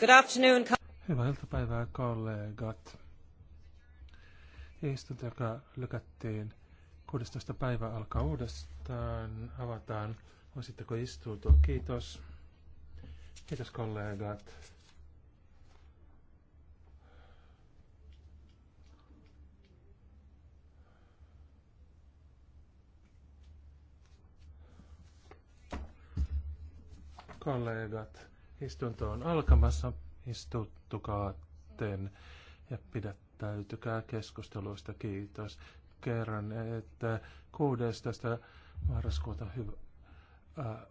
Good afternoon. Hyvää iltapäivää, kollegat. Istunto, joka lykättiin 16. päivä alkaa uudestaan. Avataan. Voisitteko istua? Kiitos. Kiitos kollegat. kollegat. Istunto on alkamassa. Istuttukaa ten ja pidättäytykää keskusteluista. Kiitos. Kerran, että 16. marraskuuta hyvä. Äh,